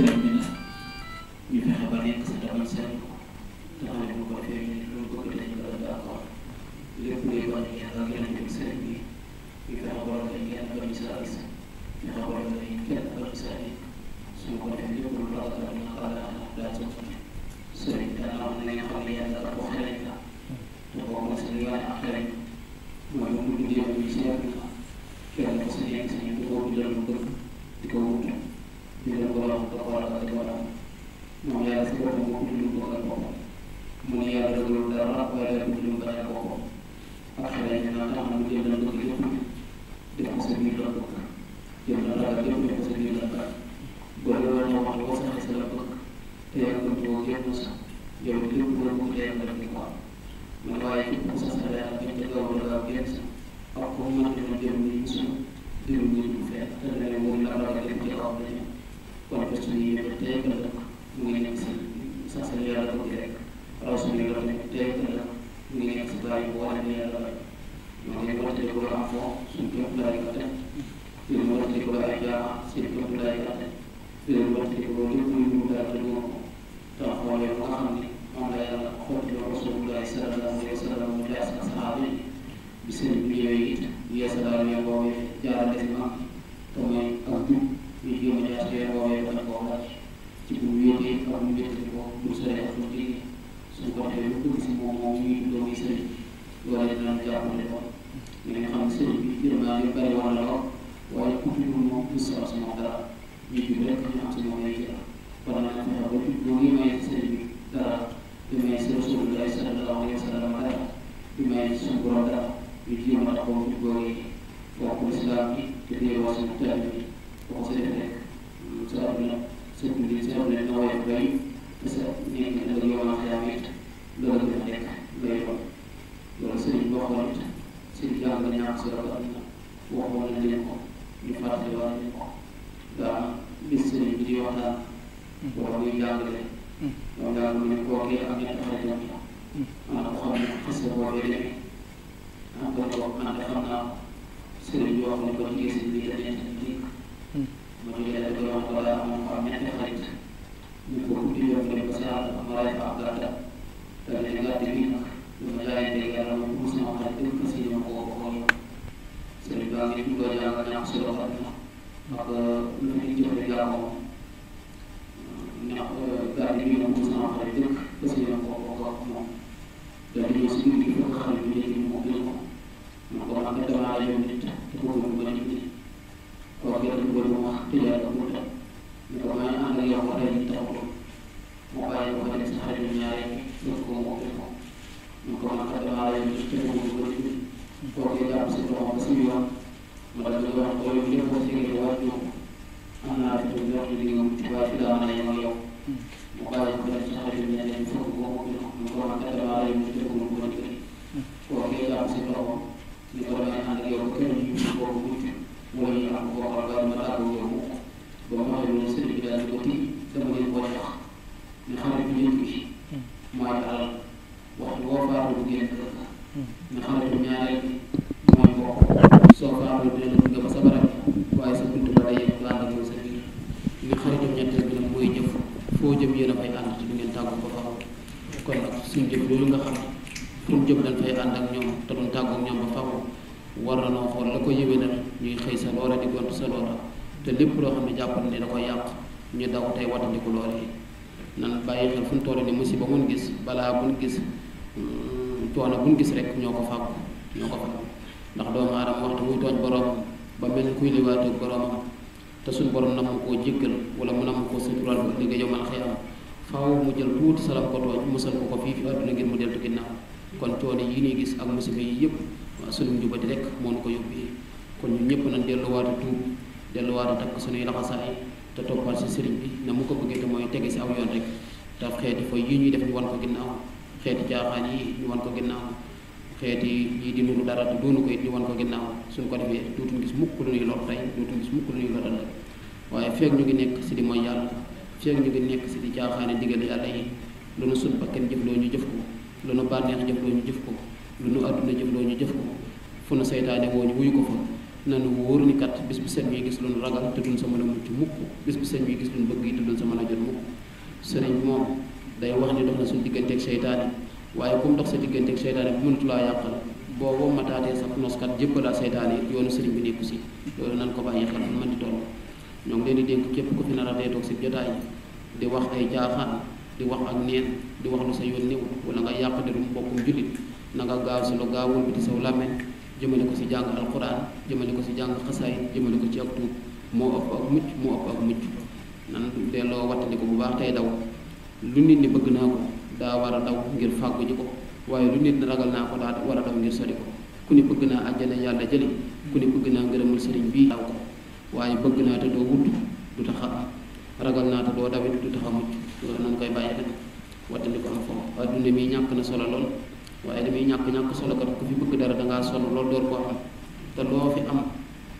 sëriñ bi nag ñu fexe ba nekk si taxaw seen taxaw bu ko defee ñu lu bëgg dañu la d'accord lépp luy wane yàlla ak yonent bi sëriñ bi ñu fexe ba ne kenn bañ si raxas fexe ba ne kenn bañ si raxas suñu ko defee lépp lu la ko ñu xalaat daa ci sëriñ bi dana wax ne nga xam ne yàlla ak wax xereñ la te boo ko seen yoon ak xereñ mooy mu dundee ñu si yàlla kenn ko sa yéen sa ñu di ko wutale lu bëgg di ko wutal di leen borom ba xoolal ak di waral moom yàlla si boppam moo uddul bokkal boppam mu ngi yàlla dogalul dara wala uddul bañal boppam ak xale ñu naan tax na mu jël na dëgg yëpp def ko sa biir la bëgg jël na dara yëpp def ko sa biir la bëgg boo loolu moo wax boo saxee sa la bëgg te yàlla ko yëpp sax yow lépp loo bëgg te yàlla di ko am man waaye képp ku sax sa dara gën te gaaw la gaaw génn sax ak ko mën dina sax seen yàlla ko def rawatina yoo xam ne tey la ñu nekk si bàyyi boo xam ne yàlla la ñoo ko am fo suñu képp laay katte ñu ko ay jaama suñu képp laay katte ñu ngi wante ko lépp lu ñu daal ko te xoolee ba nga xam ne moom la yàlla xotti rasulullah sallallahu alayhi wa sallam mu jaas ak saxaaba yi si maam dugg si moom moom ñuy doomi sëriñ loolu dinañ jàppale lool dinañ xam ne sëriñ bi yërmaa yu bari woon la lool waaye ku fi dul moom du soxla si moom dara nit ñi rek ñu am si moom lay jël kon nag ñu fexe ba fi boo ngi may sëriñ bi dara di may si rasulullah sallallahu alayhi wa sallam dara di may suñu borom dara ñu jéem a taxaw fi boo ngi bokk islam bi te delloo suñu taal bi boo ko seetee rek sa àdduna sëriñ bi sa àdduna dina woyof bay te sa nekk nag yow na xëy loolu sëriñ bi waxoon sëriñ bi am na ñaar si rajo waxoon na leen ko ñu fàttali war leen ko daa bis sëriñ bi di waxtaan. wala muy jàngale. ñoom daal mu ne kookee ak ñetti xaritam mm. yi. maanaam xam ne xase boobee demee. ah kon loolu man de xam naa sëriñ bi wax ne ba jigéen sëriñ bi dañuy nekk. ma jógee dafa doon ko daa moom am ñetti xarit. ñu ko guddi yoon ne ko si àll ba ma lay fa am gàttal. daal di gàtt bi nag. dama jaayante yàlla moom mos na wax ne fas yéene ko xool sëriñ bi ak ñu koy jàng ñaax si loxo bi ndax lu fi jëfe jaamoo ñaax gaa yi ñu mos na wax ne dëkk fas yéene ko xool ak moom dañu ñëw si nit ñi fekk xam ne ñu ne moom ko ndax damaa yónni xam ne maa leen ci ko kooku jàpp si loxo ba suñu yoon wala li nga wax loolu lépp boo si gënee waat yow am naa fi ñu wax li nga wut waaye fi laa mën a yem ak yow mu bàyyi ko def ci xarit bi ne leen fokk boo ko gën mu ko wax dara maa leen ci dëgg mu ko dëgg kooku jàpp si loxo ni ko damay ànd ak yow ba kër yi boo ko mucc wala ñu am koo xam daal ma tàggu yow boo xam ne sëriñ bi daal di ko tii bi xaritam ñetteel bi nag mooy jëf foo jëm yéen a fay ànd ci du ngeen tàggu ko faaw kon nag suñ jëf loolu nga xam fu ñu jëm dañ fay ànd ak ñoom te duñ tàggu ak ñoom ba faaw war na noo xool la xëy sa loola di gont sa te lépp loo xam ne jàpp ne da koy yàq ñu daw tey wattandiku loolee nan bàyyi xel fu ñu toll ni musiba mun gis balaa buñ gis mm, coono buñ gis rek ñoo ko fàggu ñoo ko fàggu ndax doomu aadama waxtu muy tooñ boroomam ba mel ni kuy liwaatoog boroomam te suñ borom na mu koo jéggal wala mu na mu koo suturaal bu ëllëgee yow man xëy am mu jël tuuti salam ko tooñ musal ko ko fii fi àdduna ngir mu deltu ginnaaw kon coono yi ñuy gis ak musiba yi yëpp suñu njubati rekk moo nu ko yóbbee kon ñu ñëpp nañ delluwaati tuub delluwaati takk suñuy laxasaay te toppaat si sëriñ bi na mu ko bëggee te mooy tege si aw yoon rek te xeeti fooy yi ñuy def ñu wan ko ginnaaw xeeti jaaxaan yi ñu wan ko ginnaaw xeeti yi di nuru dara te doonu ko it ñu wan ko ginnaaw suñ ko defee dootuñ gis mukk lu ñuy lor tey dootuñ gis mukk lu ñuy lor ëllëg waaye feeg ñu ngi nekk si di mooy yàlla feeg ñu ngi nekk si di caaxaane digal yàlla yi lu nu suñ bakkan jëfloo ñu jëf ko lu nu bànneex jëfloo ñu jëf ko lu nu àdduna jëfloo ñu jëf ko fu nu seytaane woo ñu wuyu ko fa nu wóor ni kat bis bu set gis lu nu ragal te duñ sa mën a bu set ñuy gis lu nu bëgg yi te duñ sa mën a jot mukk sëriñ moom day wax ni dox na suñ digganteeg seytaane waaye ku mu sa diggante ak seytaane bu mënut laa yàqal boo wommataatee sax noskat jébbalaat seytaane yoonu sëriñ bi nekku si loolu nan ko bàyyi xel fu di toll ñoo ngi leen di dénk képp ku fi nar a dee toog si jotaay di wax ay jaaxaan di wax ak neen di wax lu sa yoon néew wala nga yàq derum mbokkum jullit na nga gaaw si lu gaawul bi di saw làmmeñ jëmale ko si jàng alquran jëmale ko si jàng xasaay jëmale ko si ak tuub moo ëpp ak moo ëpp ak mucc nan delloo wattandi ko bu baax tey daw lu nit ñi bëgg naa ko daa war a daw ngir fàggu ji ko waaye lu nit ne ragal naa ko daa war a daw ngir sori ko ku ne bëgg naa àjjana yàlla jëli ku ne bëgg naa ngërëmul sëriñ bii daw ko waaye bëgg naa te doo wut du tax a ragal naa te doo dawit du tax a mucc loolu nañ koy bàyyi xel wattandi ko am foofu adduna na solo lool waaye damay ñàkk-ñàkk solo kat ku fi bëgg dara dangaa solo lool door koo am te loo fi am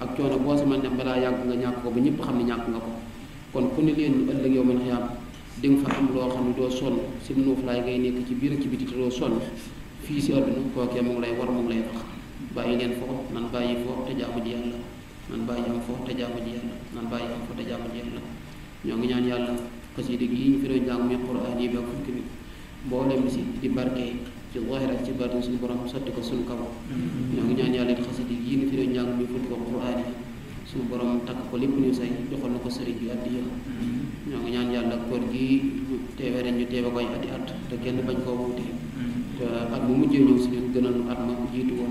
ak coono boo sama dem balaa yàgg nga ñàkk ko ba ñëpp xam ne ñàkk nga ko kon ku ne leen ëllëg yow man xiyaam di fa am loo xam ne doo sonn si nuuf laay ngay nekk ci biir ak ci biti te doo sonn fii si àdduna kookee mu ngi lay war mu ngi lay wax bàyyi leen foofu nan bàyyi foofu te jaamu ji yàlla nan bàyyi am foofu te jaamu ji yàlla nan bàyyi ñoo ngi ñaan yàlla xasida gi ñu fi doon jàng mi Quraan yi ba fukki bi mboolem si di barke ci zaahir ak ci ko suñu kaw mm-hmm. ñoo ngi ñaan yàlla it xasida gi ñu fi doon jàng mi fukki ko Quraan yi suñu borom takk ko lépp ñu say joxal na ko sëriñ bi addiya mm-hmm. ñoo ngi ñaan yàlla koor gi ñu teewe ren ñu teewe koy ati at te kenn bañ koo wuute te at mu mujjee ñëw si ñun gënal at ma jiitu woon